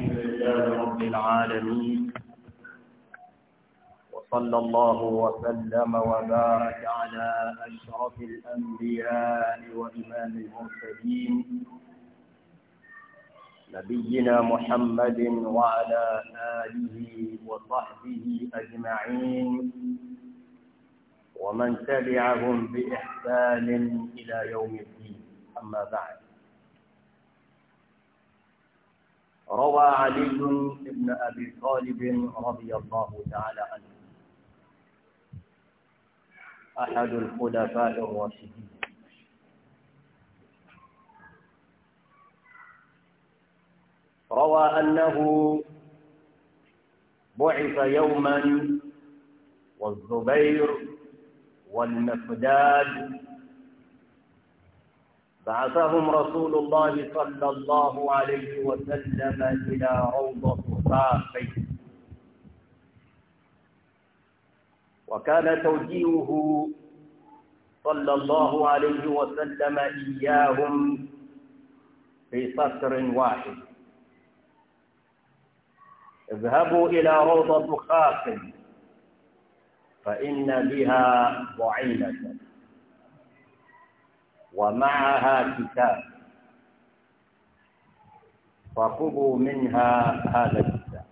الحمد لله رب العالمين وصلى الله وسلم وبارك على أشرف الأنبياء وإمام المرسلين نبينا محمد وعلى آله وصحبه أجمعين ومن تبعهم بإحسان إلى يوم الدين أما بعد روى علي بن أبي طالب رضي الله تعالى عنه أحد الخلفاء الراشدين روى أنه بعث يوما والزبير والمقداد بعثهم رسول الله صلى الله عليه وسلم إلى روضة صافي وكان توجيهه صلى الله عليه وسلم إياهم في سطر واحد اذهبوا إلى روضة خاف فإن بها ضعينة ومعها كتاب فخذوا منها هذا الكتاب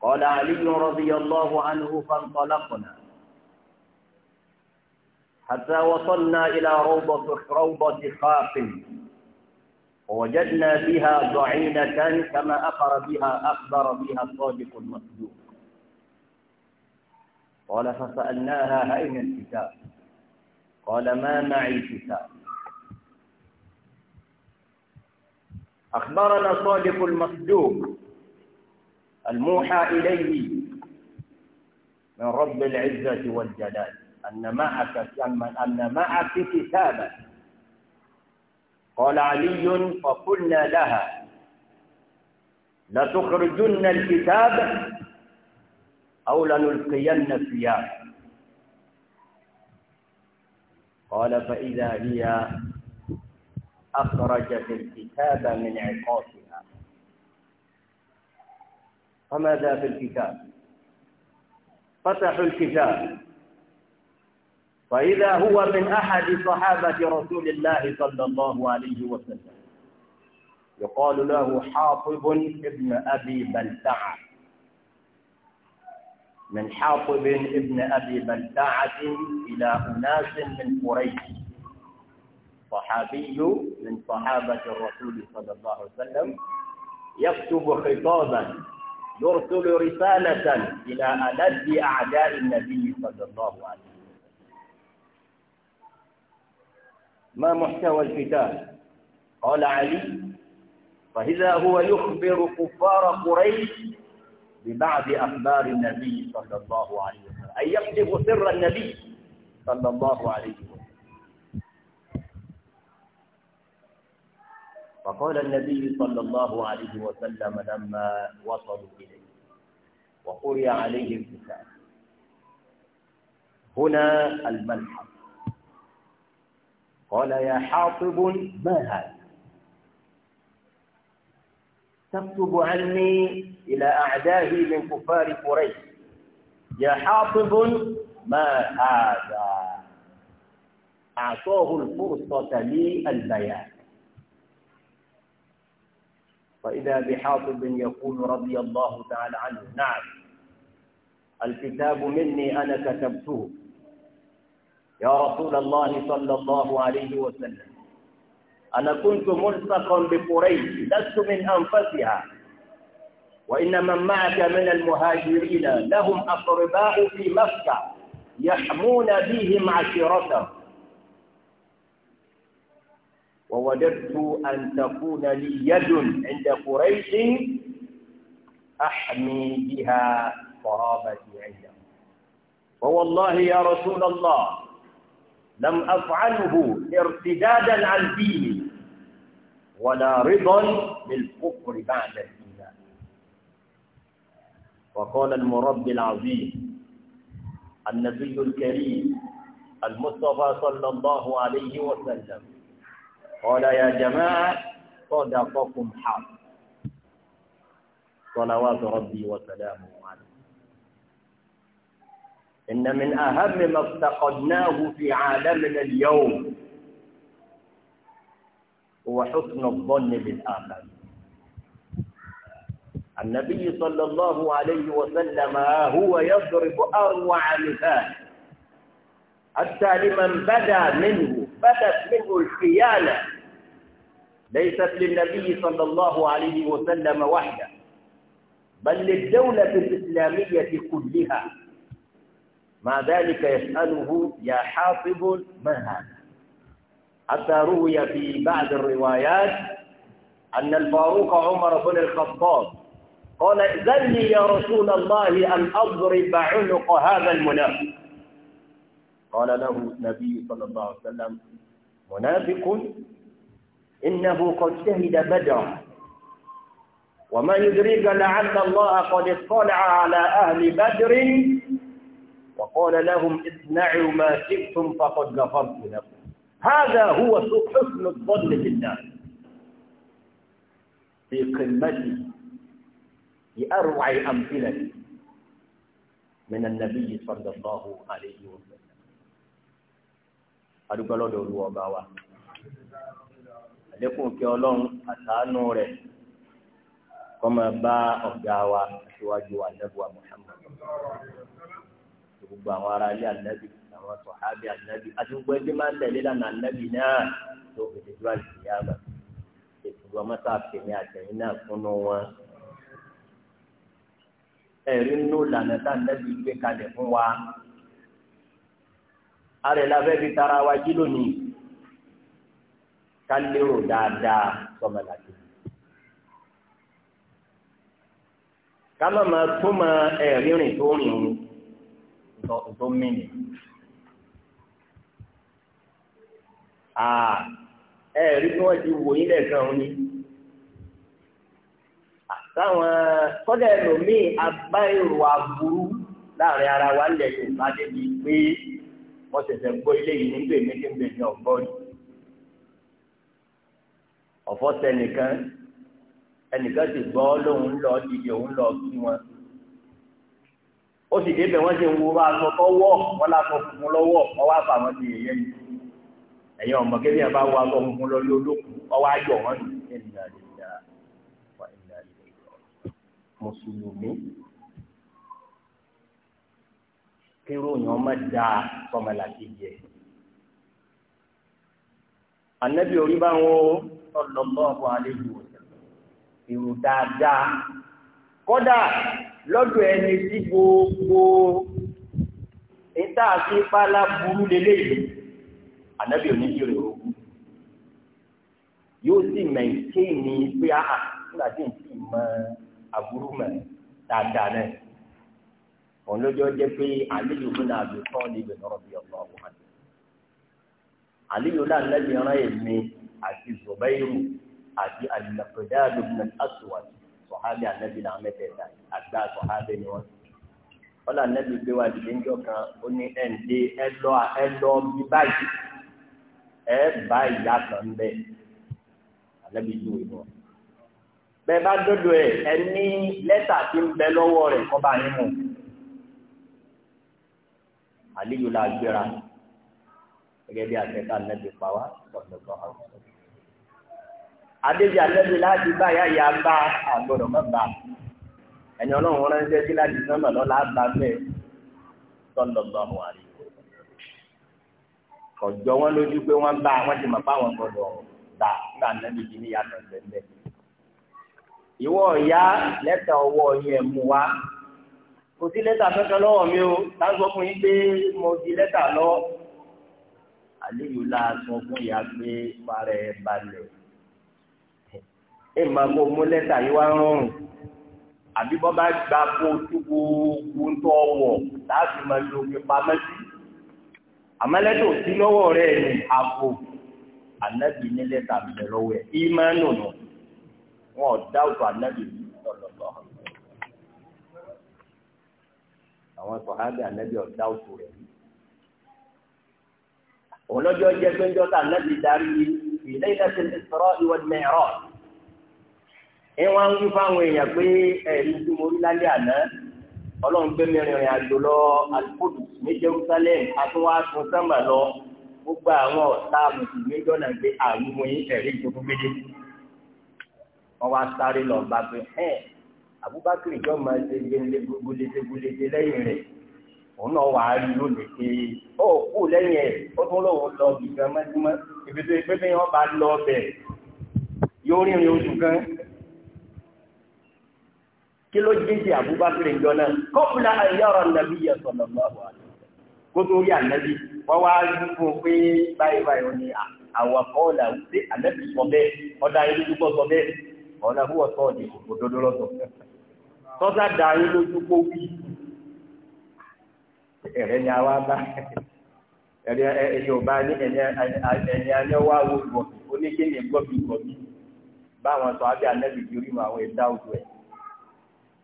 قال علي رضي الله عنه فانطلقنا حتى وصلنا إلى روضة روضة خاق ووجدنا بها ضعينة كما أخر بها أخبر بها الصادق المصدوق قال فسألناها أين الكتاب قال ما معي كتاب أخبرنا صادق المصدوق الموحى إليه من رب العزة والجلال أن معك أن معك كتابا قال علي فقلنا لها لتخرجن الكتاب أو لنلقين الثياب قال فإذا هي أخرجت الكتاب من عقابها فماذا في الكتاب فتحوا الكتاب فإذا هو من أحد صحابة رسول الله صلى الله عليه وسلم يقال له حاطب ابن أبي بلتعه من حاطب ابن أبي بلتاعة إلى أناس من قريش صحابي من صحابة الرسول صلى الله عليه وسلم يكتب خطابا يرسل رسالة إلى ألد أعداء النبي صلى الله عليه وسلم ما محتوى الكتاب قال علي فإذا هو يخبر كفار قريش ببعض أخبار النبي صلى الله عليه وسلم أن يكتب سر النبي صلى الله عليه وسلم فقال النبي صلى الله عليه وسلم لما وصلوا إليه وقرئ عليه الكتاب هنا الملحق قال يا حاطب ما هذا تكتب عني إلى أعدائي من كفار قريش يا حافظ ما هذا أعطاه الفرصة للبيان فإذا بحاطب يقول رضي الله تعالى عنه نعم الكتاب مني أنا كتبته يا رسول الله صلى الله عليه وسلم أنا كنت ملصقا بقريش لست من أنفسها وإن من معك من المهاجرين لهم أقرباء في مكة يحمون بهم عشيرتهم ووددت أن تكون لي يد عند قريش أحمي بها قرابتي عندهم ووالله يا رسول الله لم أفعله ارتدادا عن ديني ولا رضا بالكفر بعد الإيمان وقال المربي العظيم النبي الكريم المصطفى صلى الله عليه وسلم قال يا جماعة صدقكم حق صلوات ربي وسلامه عليه إن من أهم ما افتقدناه في عالمنا اليوم وحسن الظن بالآخر النبي صلى الله عليه وسلم هو يضرب أروع مثال حتى لمن بدا منه بدت منه الخيانة ليست للنبي صلى الله عليه وسلم وحده بل للدولة الإسلامية كلها مع ذلك يسأله يا حافظ ما هذا حتى روي في بعض الروايات أن الفاروق عمر بن الخطاب قال ائذن لي يا رسول الله أن أضرب عنق هذا المنافق قال له النبي صلى الله عليه وسلم منافق إنه قد شهد بدرا وما يدريك لعل الله قد اطلع على أهل بدر وقال لهم اصنعوا ما شئتم فقد غفرت لكم هذا هو حسن الظن بالله في قمته بأروع أمثلة من النبي صلى الله عليه وسلم adúgbò lọ́dọ̀ olúwa ọba wa àlékún kí ọlọ́run àtàánú rẹ̀ kó máa bá ọ̀gá wa síwájú ànábì wa Muhammad gbogbo àwọn ará ilé ànábì àwọn sọ̀hábì ànábì àti gbogbo ẹgbẹ́ máa ń tẹ̀lé lánàá ànábì náà tó fi ti àti ìyá àgbà ètùtù ọmọọta àfẹ̀mí àtẹ̀yìn náà fúnnú wọn. ẹ̀rí nínú ìlànà tá ànábì gbé kalẹ̀ fún wa àrẹ la fẹ́ fi tara wa jí lónìí ká lérò dáadáa sọmọlàkejì. ká má máa ẹ̀rí rìn Ah, ẹ rí bí wọ́n ti wò yín lẹ́ẹ̀kan òní. Ah, táwọn kọ́dà ẹlòmíì agbáyèrò aburú láàrin ara wa ń Yorùbá débi pé wọ́n ṣẹ̀ṣẹ̀ gbọ́ ilé yìí nígbè méjèèjì ní ọ̀gbọ́n. ọ̀fọ́ sẹ́nìkan ẹnìkan ti gbọ́ lóun lọ dìde òun lọ kí wọn ó sì débẹ̀ wọ́n ti ń wo bá aṣọ tó wọ̀ wọ́n lásọ funfun lọ́wọ́ wá fà wọ́n ti yẹ̀yẹ́ yìí ẹ̀yin ọmọ kébí ẹ̀ bá wọ aṣọ funfun lọ lé olókùn ọwọ́ ayọ̀ wọn nù ẹ̀nà ìlà wà ẹ̀nà ìlà mùsùlùmí kérò yẹn ọmọ dáa sọmọlàkì jẹ anabi orí bá wọn sallallahu alaihi wa sallam ìrù dáadáa kódà lọ́dọ̀ ẹni tí gbogbo ìta àti ìpalá burú lélẹ́yìí ànábì ò ní jèrè òkú yóò sì mẹ̀ǹké ní pé àhà nígbà tí n sì mọ aburú mọ̀ dáadáa náà òun lójó jẹ́ pé àlejò fún náà ló tán níbi lọ́rọ̀ bí ọ̀pọ̀ ọ̀pọ̀ àti àlejò náà lẹ́bi ọ̀rọ̀ èmi àti zọ̀bẹ́yìrù àti àdìlàpẹ̀dá àdùnnà àtùwàtì sọ̀hábì ànábì náà mẹ́tẹ̀ẹ̀ta àgbà sọ̀hábì ni wọ́n ti ọlọ anabi gbé wa dìde ńjọ kan ó ní ẹnde ẹlọ ẹlọ bí báyìí ẹ bá ìyá kan bẹ́ alẹ́bí ju ìlú ọ̀ bẹ́ẹ̀ bá dọ́dọ̀ ẹ̀ ẹ ní lẹ́tà tí ń bẹ lọ́wọ́ rẹ̀ kọ́ bá yín mú àlejò la gbéra gẹ́gẹ́ bí àtẹ́ká nẹ́bí pa wá sọ̀tọ̀tọ̀ àwọn adébí alẹ́bí láti bá yá ya bá àgbọ̀dọ̀ má bá ẹni ọlọ́run ránṣẹ́ sí láti sánmà lọ́la bá bẹ́ẹ̀ sọ̀tọ̀tọ̀ àwọn àrí kọjọ wọn lójú pé wọn bá wọn ti mọ pé àwọn gbà nígbà nẹbi kìíní yàtọ̀ gbẹgbẹ ìwọ ọ̀yá lẹ́tà ọwọ́ yẹn mú wa kò sí lẹ́tà fẹ́fẹ́ lọ́wọ́ mi o láti sọ fún yín pé mo di lẹ́tà lọ àléyò la sọ fún yà pé parẹ́ balẹ̀ ẹ máa kó mú lẹ́tà yìí wá rọrùn àbí bọ́ bá gba kó tó gbogbo ń tọ́ wọ̀ láti máa lo omi pamẹ́ sí àmọ́lẹ́tò sí lọ́wọ́ rẹ̀ ní àpò ànábì ní lẹ́tà bẹ̀ lọ́wọ́ ẹ̀ ìmánù nù wọn ò dáwùtò ànábì lọ́lọ́lọ́ àwọn sọ̀hábì ànábì ò dáwùtò rẹ̀ òun lọ́jọ́ jẹ́ péjọ́ tá ànábì darí ilé ìdájọ́ ìsọ̀rọ̀ ìwọ̀n mẹ́rọ̀ ẹ̀ wọ́n ń wí fáwọn èèyàn pé ẹ̀ẹ́dì tí mo rí lálẹ́ àná ọlọ́run gbé mẹ́rin rìn àjò lọ alukudu ní Jerusalem àtúnwá tún sábà lọ gbogbo àwọn ọ̀tá mùsùlùmí jọ̀nà gbé àlùmọ̀ yín ẹ̀rí ìjọba méje wọ́n wá sáré lọ bá pé ẹ̀ Abubakar ìjọ máa ṣe gbẹ̀lẹ́gbẹ̀lẹ́ gbẹ̀lẹ́gbẹ̀lẹ́ lẹ́yìn rẹ̀ òun náà wàá rí lónìí pé ó kú lẹ́yìn ẹ̀ ó tún lòun lọ bìkan mọ́tímọ́ ibi tó yẹ pé bí wọ́n bá lọ bẹ̀ yóò rìnrìn oṣù kan kí ló jíjì Abubakar ìjọ náà kọ́pùlà ayọ́rọ̀ nàbí yẹ sọ̀nà lọ́wọ́ kó tó rí ànábì wọ́n wá rí fún un pé báyìí báyìí ó ní àwọn kọ́ọ̀là sí ànábì sọ bẹ́ẹ̀ ọ̀dà ilé dúpọ̀ sọ bẹ́ẹ̀ ọ̀nà fún ọ̀tọ̀ ọ̀dì òdodo lọ́sọ̀ tọ́sà dà ayé lójú kó wí ẹ̀rẹ́ ni àwa bá ẹ̀rẹ́ ẹ̀yẹ ò bá ní ẹ̀yẹ alẹ́ wá wo ìwọ̀n oníkéyìn gbọ́ bí gbọ́ bí báwọn sọ abẹ́ ànábì yorùbá àwọn ẹ̀dá òjò ẹ̀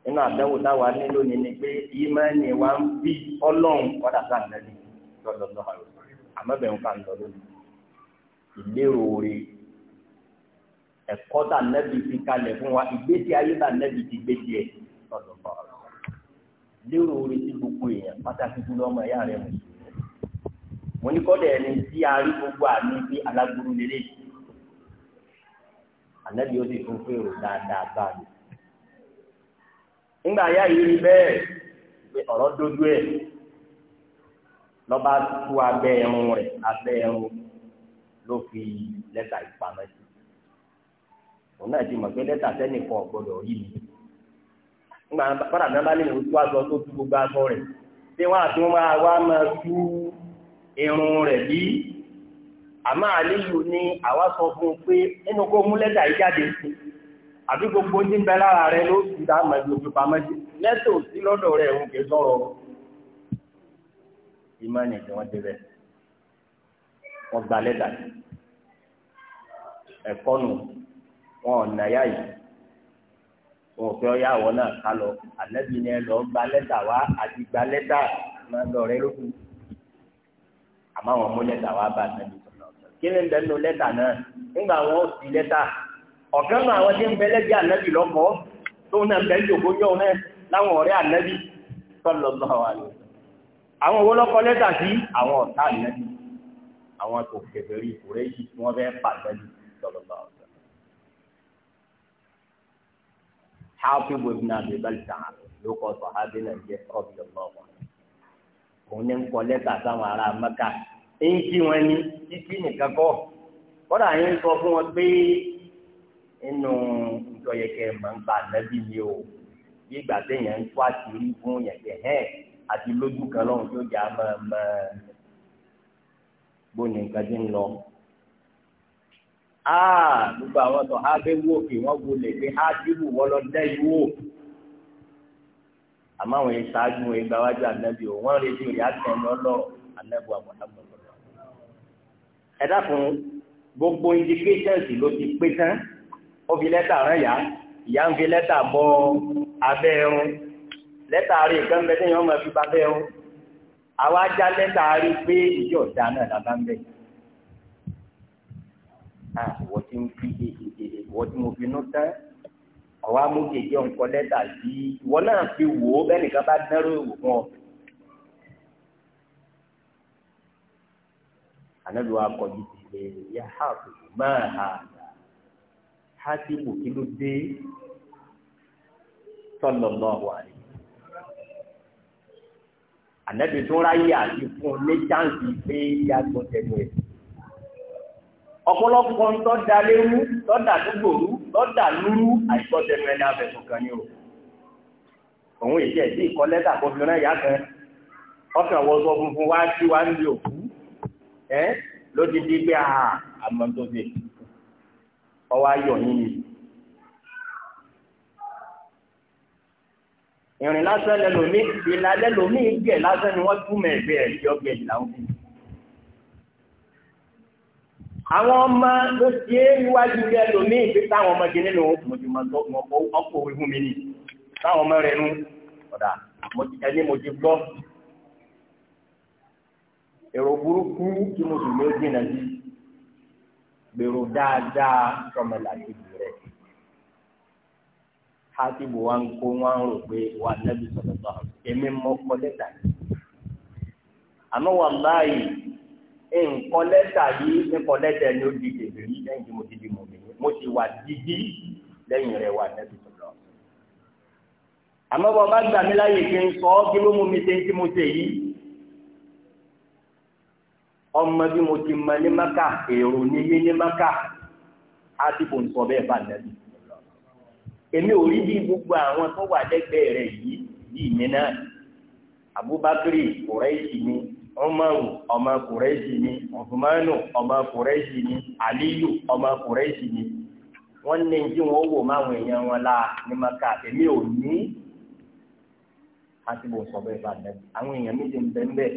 nínú àdánwò táwa ní lónìí ni pé ìmọ̀ẹ́nì wa ń bí ọlọ́run kọ́dà sáà nẹ́bí lọ́dọọdọ àmọ́bẹ̀rún kan lọ lónìí ìlérò rè ẹ̀kọ́ tà nẹ́bí fi kalẹ̀ fún wa ìgbésí ayé tà nẹ́bí ti gbé tiẹ̀ lọ́dọọdọ lérò rè ti gbogbo èèyàn pàtàkì jùlọ ọmọ ẹ̀yà rẹ̀ mọ̀ mo ní kọ́dà ẹni tí a rí gbogbo àmì bí alágbóró lélẹ́yìí ànẹ́bí ó sì fún fèrò dáadáa báyìí ńgbà yá yìí rí bẹ́ẹ̀ pé ọ̀rọ̀ dojú ẹ̀ lọ́ba tú abẹ́ ẹrun rẹ̀ abẹ́ ẹrun ló fi lẹ́tà ìpamọ́ sí òun náà ti mọ̀ pé lẹ́tà sẹ́nìkan ọ̀gbọ́dọ̀ yìí ni ńgbà bàbá mi bá lè tú aṣọ tó tú gbogbo aṣọ rẹ̀ tí wọ́n àti wọ́n máa wá máa tú irun rẹ̀ bí àmọ́ àléyò ni àwa sọ fún un pé nínú kó mú lẹ́tà yìí jáde sí i àbí gbogbo ní bẹ lára rẹ ló ti dá mẹ́jọ pípa mẹ́jọ lẹ́tọ̀ sí lọ́dọ̀ rẹ̀ òun kì í sọ̀rọ̀ ìmọ̀nì tí wọ́n ti rẹ̀ wọ́n gba lẹ́tà ẹ̀kọ́ nù wọn ọ̀nà yá yìí wọn ò fẹ́ ọyá àwọn náà ká lọ àlẹ́bí ni ẹ lọ gba lẹ́tà wá àti gba lẹ́tà máa lọ rẹ lókù àmọ́ àwọn mú lẹ́tà wá bá àtẹ́bí sọ̀rọ̀ kí ni bẹ́ẹ̀ nu lẹ́tà náà nígbà wọn ò sí lẹ́tà ọ̀kan náà àwọn tí ń bẹ lẹ́gbẹ̀ẹ́ ànábì lọ́kọ̀ọ́ tó náà bẹ jòkó jọ náà láwọn ọ̀rẹ́ ànábì sallallahu alaihi àwọn owó lọ́kọ lẹ́tà sí àwọn ọ̀tá ànábì àwọn tó kèfèrí ìkórè yìí tí wọ́n fẹ́ pàṣẹ jù sallallahu alaihi حافظ ابن ابي بلتع ló kọ sọ̀hábí náà jẹ́ ọ̀bì ọlọ́wọ́. òun ní ń kọ lẹ́tà sáwọn ará mẹ́ka nínú ìjọyẹkẹ màgbà nàbí mi o bí ìgbà téèyàn ń tó àṣírí fún yẹkẹ hẹn àti lójú kan lọ́hùn tó jà mọ̀ọ́mọ́ gbóni nǹkan tí ń lọ. aa gbogbo àwọn tó ha bẹ wò kí wọn wo lè fi ha dìbò wọlọ dẹ yìí wò àmọ́ àwọn yẹn ṣáájú wọn gba wájú ànábì o wọn retí òye àtẹ lọlọ ànábì wa mọtàbọ ẹ dákun gbogbo indications ló ti pé tán ó fi lẹ́tà rán ìyá ìyá ń fi lẹ́tà bọ abẹ́ ẹrun lẹ́tà rí nǹkan bẹ tẹ́yìn ọmọ fi babẹ́ ẹrun àwa já lẹ́tà rí pé ìjọ ọ̀dà náà la bá ń bẹ̀. wọ́n ti ń fi wọ́n ti mo fi nú tán ọ̀wá mú gègé ọ̀nkọ́ lẹ́tà sí ìwọ náà fi wò ó bẹ́ẹ̀ nìkan bá dárò ìwò fún ọ. ànábi kọjú ti lè yá àpò máa hà hátìmù kí ló dé sallallahu alaihi ànábì tó ráyè àti fún ní chánsì pé yàgbọ́ tẹnu ẹ̀ ọ̀pọ̀lọpọ̀ ń tọ́da léwu tọ́da tó gbòòrú tọ́da lúrú àìgbọ́ tẹnu ẹ̀ ní abẹ́sùn kan ní o òun èyí ẹ̀ sí ìkọ́lẹ́tà kó fi rán ìyá kan ọkàn wọ sọ funfun wá sí wá ń lè òkú ẹ ló ti di pé àmọ́ tó fi ọwọ́ ayọ̀ yín ni. ìrìn lásán lẹ́lòmí ìlà lẹ́lòmí gẹ̀ lásán ni wọ́n túmọ̀ ẹ̀gbẹ́ ẹ̀ yọ gẹ̀ làwọn fi. àwọn ọmọ ló ṣe é iwájú lẹ́lòmí ìgbé táwọn ọmọge nínú mọ̀jùmọ̀ ọkọ̀ òwe fún mi ni táwọn ọmọ rẹ̀ nu ọ̀dà ẹni mo ti gbọ́ èrò burúkú tí mo sì lè gbìyànjú gbèrò dáadáa sọmọlàkejì rẹ̀ hátìbù wa ń kó wa ń rò pé wà nẹ́bí sọ̀rọ̀ sọ̀rọ̀ èmi mọ́ kọ́ lẹ́tà yìí àmọ́ wà láàyè nǹkan lẹ́tà yìí nǹkan lẹ́tà ni ó di tèmi rí lẹ́yìn tí mo ti di mọ̀mí mo ti wà dídí lẹ́yìn rẹ̀ wà nẹ́bí sọ̀rọ̀ àmọ́ bọ́ bá kí n sọ kí ló mú mi ṣe ń tí mo ṣe yìí ọmọ bí mo ti mọ ní maka èrò ní yé ní maka á ti bò ń sọ bẹ́ẹ̀ bá nàbí èmi ò rí bí gbogbo àwọn tó wà lẹ́gbẹ̀ẹ́ rẹ̀ yìí yìí mi náà abubakar kùrẹ́sì ni umaru ọmọ kùrẹ́sì ni ọ̀fùmánù ọmọ kùrẹ́sì ni aliyu ọmọ kùrẹ́sì ni wọ́n ní jí wọ́n wò máwọn èèyàn wọn la ní maka èmi ò ní àti bò ń sọ bẹ́ẹ̀ bá nàbí àwọn èèyàn mi ti ń bẹ́ẹ̀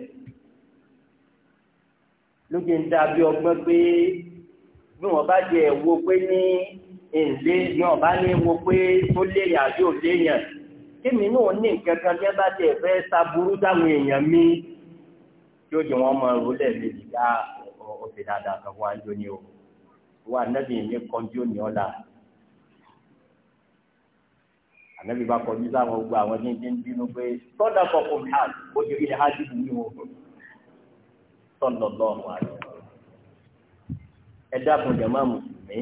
lóde ń dàbí ọgbọ́n pé bí wọ́n bá jẹ ẹ̀wọ́ pé ní èlé náà bá ní wo pé tó léyìn àbí ò léyìn kémi náà ní nǹkan kan bí wọ́n bá jẹ ẹ̀fẹ́ sábúrú táwọn èèyàn mi yóò jẹ wọn máa rò lẹ́ẹ̀mejì dá ọ̀sẹ̀ dáadáa kan wá ń jóni o wà nẹ́bí mi kọjú ní ọ̀la ànẹ́bí bá kọjú sáwọn gbogbo àwọn tí ń bínú pé tọ́dà kọkùnrin hàn ó ti rí ẹ̀ hájú mi o. sọ̀lọ̀ lọ́ọ̀rùn àlọ́ ẹ dákun jàmá mùsùlùmí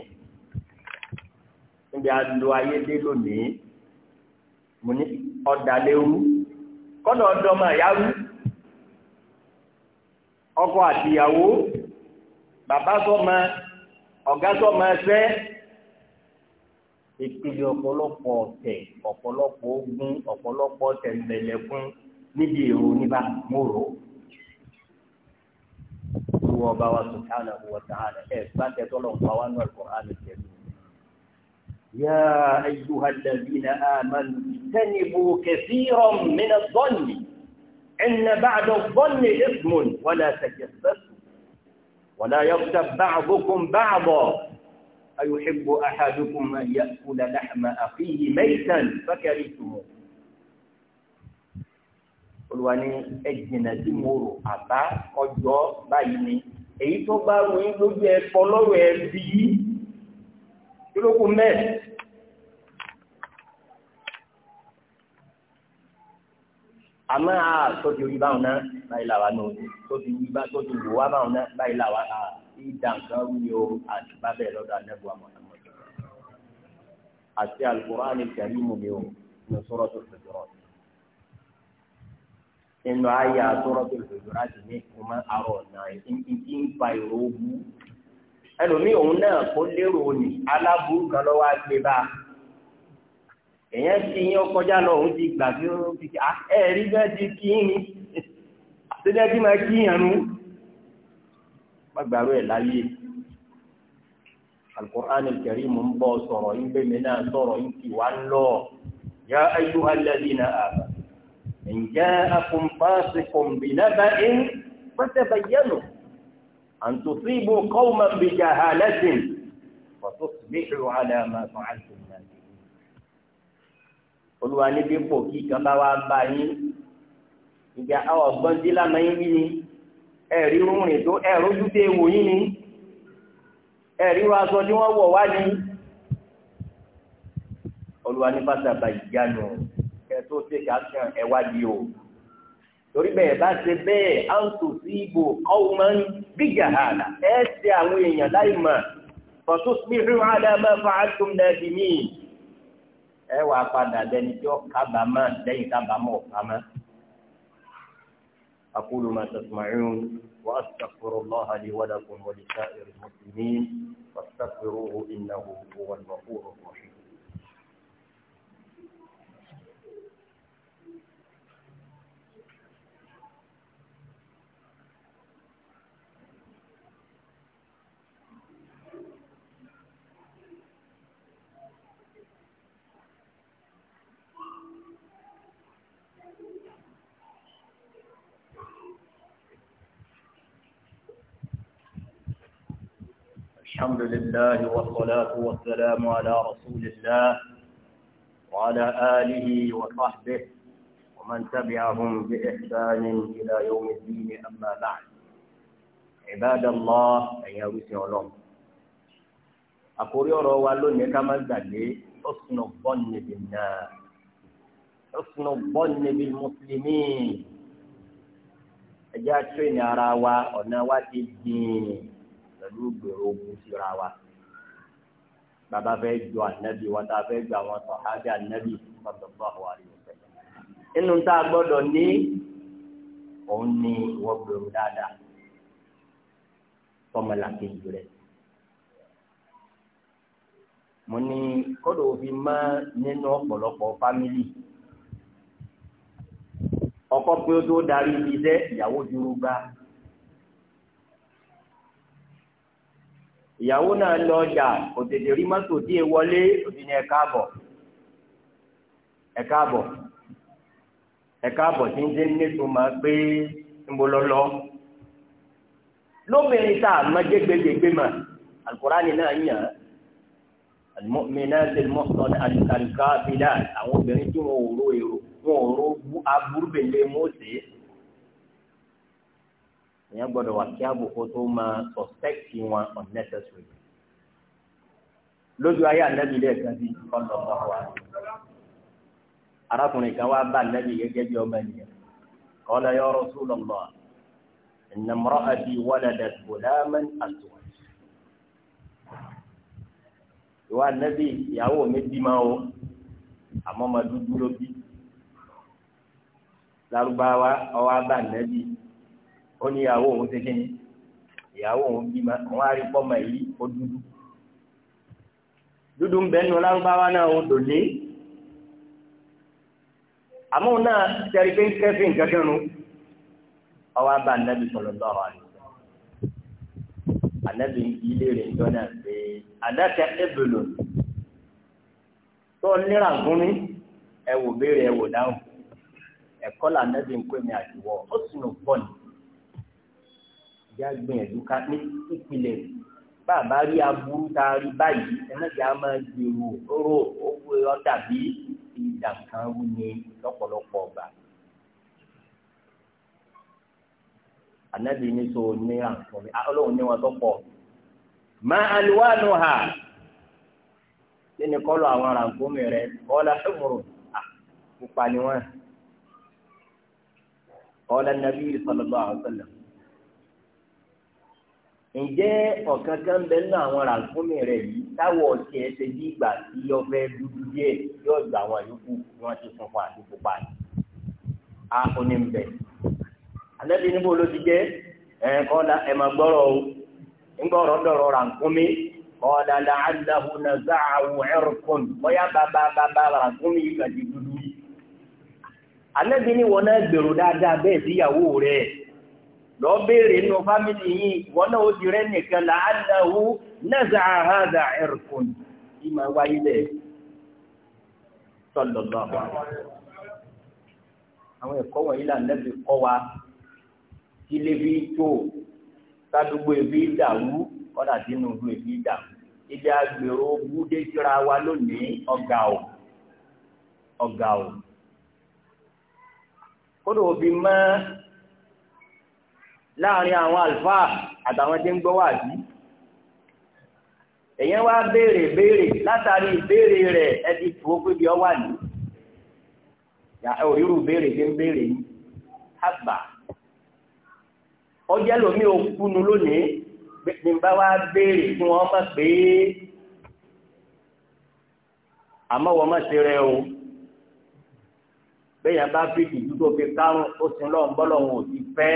níbi àlọ́ ayédè lónìí mo ní ọ̀dàlẹ́wù kọ́nà ọ̀dọ́mọ àyáwù ọkọ àtìyàwó bàbá sọ́mọ ọ̀gá sọ́mọ ẹsẹ́ ìpìlẹ̀ ọ̀pọ̀lọpọ̀ ọ̀tẹ̀ ọ̀pọ̀lọpọ̀ ogun ọpọlọpọ ọ̀tẹ̀ ńlẹ̀lẹ̀kún níbi èrò níbà olúwa سبحانه وتعالى subhanahu wa ta'ala ẹ̀ الكريم يا أيها الذين آمنوا اجتنبوا كثيرا من الظن إن بعد الظن إثم ولا تجسسوا ولا يغتب بعضكم بعضا أيحب أحدكم أن يأكل لحم أخيه ميتا فكرهتموه olùwà ni ẹ jìnnà sí mo rò àbá ọjọ́ báyìí ni èyí tó bá wọ yín lójú ẹ pọ lọ́rọ̀ ẹ bí kílókù mẹ́ẹ̀. àmọ́ a tó ti rí báwọn náà báyìí làwa náà tó ti rí bá tó ti wò wá báwọn náà báyìí làwa a ìdá nǹkan wúni o àti bábẹ́ lọ́dọ̀ anẹ́gbọ́ àmọ́tàmọ́tà àti Al-Qur'an Al-Karim mi o ní suratul Hujurat nínú ayé àtúrọ́tò ìfòjòrò àti ní ìfúnmọ́ àrò ọ̀nà ìdí ń fa ìró bú. ẹlòmíì òun náà kó lérò ní aláburú kan lọ́wọ́ àgbè bá a. èèyàn ti yín ọkọjá lọ òun ti gbà bí ó fi ká ah, ẹ rí bẹ́ẹ̀ ti kí ni síbẹ̀ tí máa kí yàn nú. wọ́n gbàrú ẹ̀ láyé. القرآن الكريم مبصر إن بمنا صر إن في وان يا أيها الذين آمنوا إن جاءكم فاسق بنبأ فتبينوا أن تصيبوا قوما بجهالة فتصبحوا على ما فعلتم نادمين Olúwa ní bí kò kí kan bá wá bá yín ìjà àwọn ọgbọ́n dí lánàá yín wí ẹ̀rí rúnrìn tó ẹ̀rú júdé wò yín ni ẹ̀rí wa aṣọ tí wọ́n wọ̀ wá ni Olúwa ní pàtàkì ìjánu tó ṣe kàṣà ẹ̀wá di o torí bẹ́ẹ̀ bá ṣe bẹ́ẹ̀ áùtù sí ibò ọ̀hún bíjà hàlà ẹ̀ ṣe àwọn èèyàn láì mọ̀ fọ̀tún síbírù àdàmọ́ fàátùm nàdìmí ẹ wàá padà dẹni tí ó kábàámọ̀ lẹ́yìn kábàámọ̀ ọ̀kámọ́. أقول ما تسمعون وأستغفر الله لي ولكم ولسائر المسلمين فاستغفروه إنه هو الغفور الرحيم الحمد لله والصلاة والسلام على رسول الله وعلى آله وصحبه ومن تبعهم بإحسان إلى يوم الدين أما بعد عباد الله أيها السلام أقول يا روالون كما قال حسن الظن بالناس حسن الظن بالمسلمين ẹjẹ́ àtúnyẹ̀ أراوا wa ọ̀nà الدين pẹ̀lú gbèrò ogun síra wa bàbá fẹ́ jọ ànábì wọn tá a fẹ́ jọ àwọn sọ̀hábì ànábì sallallahu alaihi wasallam inú tá a gbọ́dọ̀ ní òun ní ìwọ gbèrò dáadáa tọmọlàkejì rẹ mo ní kọ́dọ̀ òfin mọ́ nínú ọ̀pọ̀lọpọ̀ fámìlì ọkọ pé ó tó darí ibi iṣẹ́ ìyàwó dúró gbá ìyàwó náà lọ ọjà kò tètè rí mọ́tò tí e wọlé òbí ni ẹ káàbọ̀ ẹ káàbọ̀ ẹ káàbọ̀ tí ń dé nítumọ̀ pé ń bọ̀ lọ́lọ́ lóbìnrin tá a máa jẹ́ gbẹgbẹgbẹ mà alukurani náà yàn alimọ́mìnà tẹlifọ́sọ̀n alikaafilà àwọn obìnrin tí wọ́n ò èrò wọ́n ò aburú bèlè mọ́tò èèyàn gbọ́dọ̀ wà kí àbùkù tó máa suspect wọn unnecessary lójú ayé anabi lẹ́ẹ̀kan sí ọlọ́pàá wa arákùnrin kan wá bá anabi gẹ́gẹ́ bí ọmọ ènìyàn qala ya Rasulullah inna imra'ati waladat ghulaman àtúwọ̀ ìwà anabi ìyàwó mi bímọ o àmọ́ ma dúdú ló bí lárúbáwá ọwọ́ abá anabi ó ní ìyàwó òun ṣe kíni ìyàwó òun bímọ òun á rí pọ́mọ yìí ó dúdú dúdú ń bẹ nínú lárúbáwá náà ó dòlé àmọ́ òun náà tẹ̀rí pé ń kẹ́fì nǹkan kan nù ọwọ́ abá anabi sallallahu alaihi wasallam anabi ń bí léèrè ń jọ́nà pé àdáka ebèlò tó nira gúnmi ẹ wò béèrè ẹ wò dáhùn ẹ̀kọ́ là anabi ń pè mí àdìwọ́ ó sì nù pọ̀ nìyí já gbìyànjú ká ní ìpìlẹ̀ bàbá rí aburú tá a rí báyìí ẹnẹ́jà á máa gbèrò ró owó ọ̀dà bí ìdà kan wú ni lọ́pọ̀lọpọ̀ ọgbà. ànábì ní so ní àǹfọ̀mí ọlọ́run ní wọn tó pọ̀ má àlùwánu hà nínú kọ́lọ̀ àwọn ràǹkómi rẹ̀ kọ́lá ṣùgbọ́n pupa ni wọ́n kọ́lá nàbí sallallahu alaihi wasallam ǹjẹ́ ọ̀kan kan bẹ nínú àwọn ràǹfọ́mì rẹ̀ yìí táwọ̀ ọ̀sẹ̀ ẹsẹ̀ bí ìgbà tí ọbẹ̀ dúdú díẹ̀ yóò gbà wọn yòókù ni wọ́n ti funfun àti pupa ni. a ò ní bẹ̀. alẹ́bí níbo ló ti jẹ́ ẹ̀ kọ́dà ẹ̀ máa gbọ́rọ̀ o ńgbọ́rọ̀ dọ̀rọ̀ ràǹfọ́mì kọ́dà làálàhù nàzàáwù ẹ̀rùkùn bóyá bàbá bàbá ràǹfọ́mì yìí kàdí dúdú yìí. alẹ́bí wọn náà gbèrò dáadáa bẹ́ẹ̀ lọ bèèrè inú fámìlì yìí wọ́n náà ó di nìkan làálàáwú nẹ́sà àhádà ẹ̀rùkùn tí ma wáyé lẹ̀ sọlọ́lọ́ àwọn ẹ̀kọ́ wọ̀nyí là kọ́ wa tílé bí tó sádùgbò ilé agbèrò búdé síra wa lónìí máa. láàrin àwọn àlùfáà àtàwọn tí ń gbọ́ wàásù èyàn wá béèrè béèrè látàrí ìbéèrè rẹ̀ ẹ ti fò ó pé bí ọ wà ní òrírù béèrè tí ń béèrè yìí àgbà ọjọ́ ẹlòmíì ò kúnu lónìí ní bá wá béèrè kí wọ́n mọ̀ pé àmọ́ mọ̀ sí rẹ o bẹ́ẹ̀ yẹn bá fi ìdúró fi kárùn ó sin lọ́nbọ́lọ́hún ò ti fẹ́.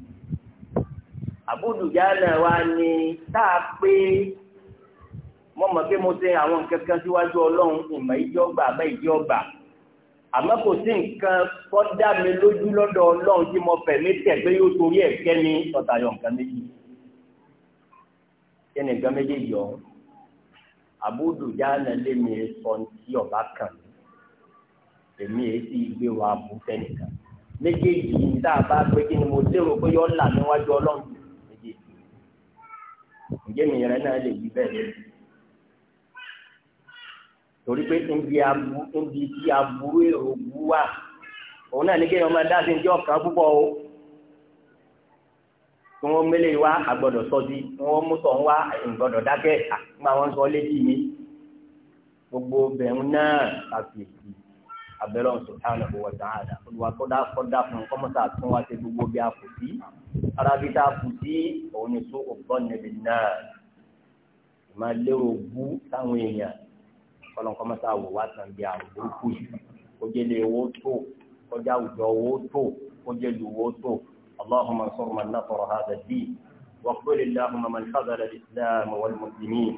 àbúdùjálà wa ni tá a pé mo mọ̀ pé mo ṣe àwọn nǹkan kan síwájú ọlọ́run ìmọ̀ ìjọba àmọ́ ìjọba àmọ́ kò sí nǹkan kọ́ dá mi lójú lọ́dọ̀ ọlọ́run tí mo fẹ̀mí tẹ̀ pé yóò torí ẹ̀ kẹ́ mi ọ̀tayọ̀ nǹkan méjì kí ni nǹkan méjèèjì ọ̀hún àbúdùjálà lémi sọ ti ọ̀bá kan èmi èyí sì gbé wa bú fẹ́nìkan méjèèjì yìí tá a bá pé kí ni mo lérò pé yọ ọ́ là níwájú ọlọ́run ǹjẹ́ mi yẹn náà lè yí bẹ́ẹ̀ lé torí pé níbi abu níbi tí aburú èrò bu wà òun náà ní kéèyàn máa dá sí ní ọkàn púpọ̀ o tí wọ́n mélé wa àgbọ́dọ̀ sọ́dí tí wọ́n mú sọ̀ ń wá àgbọ́dọ̀ dákẹ́ àgbà wọn sọ létí mi gbogbo bẹ̀rù náà àfihàn abẹ́lẹ́ ọ̀sùn táwọn ẹ̀kọ́ wọ̀tá àdá olùwà kọ́dá kọ́dá fún kọ́mọ́tà tún wá sí gbogbo bí a kù sí arábí tá a kù sí òun ni tó ọ̀gbọ́n níbi náà ìmọ̀ lérò bú táwọn èèyàn kọ́lọ́n kọ́mọ́tà wò wá tàn bí àrùn burúkú yìí kọjá lè wó tó kọjá àwùjọ wó tó kọjá lù wó tó اللهم انصر من نصر هذا الدين واقبل اللهم من خذل الإسلام والمسلمين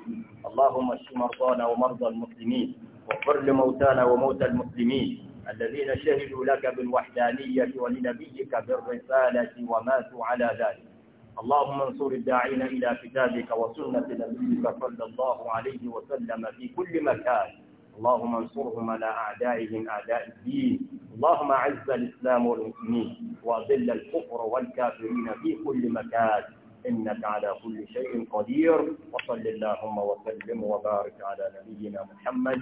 اللهم اشف مرضانا ومرضى المسلمين واغفر لموتانا وموتى المسلمين الذين شهدوا لك بالوحدانية ولنبيك بالرسالة وماتوا على ذلك اللهم انصر الداعين إلى كتابك وسنة نبيك صلى الله عليه وسلم في كل مكان اللهم انصرهم على أعدائهم أعداء الدين اللهم أعز الإسلام والمسلمين وأذل الكفر والكافرين في كل مكان إنك على كل شيء قدير وصل اللهم وسلم وبارك على نبينا محمد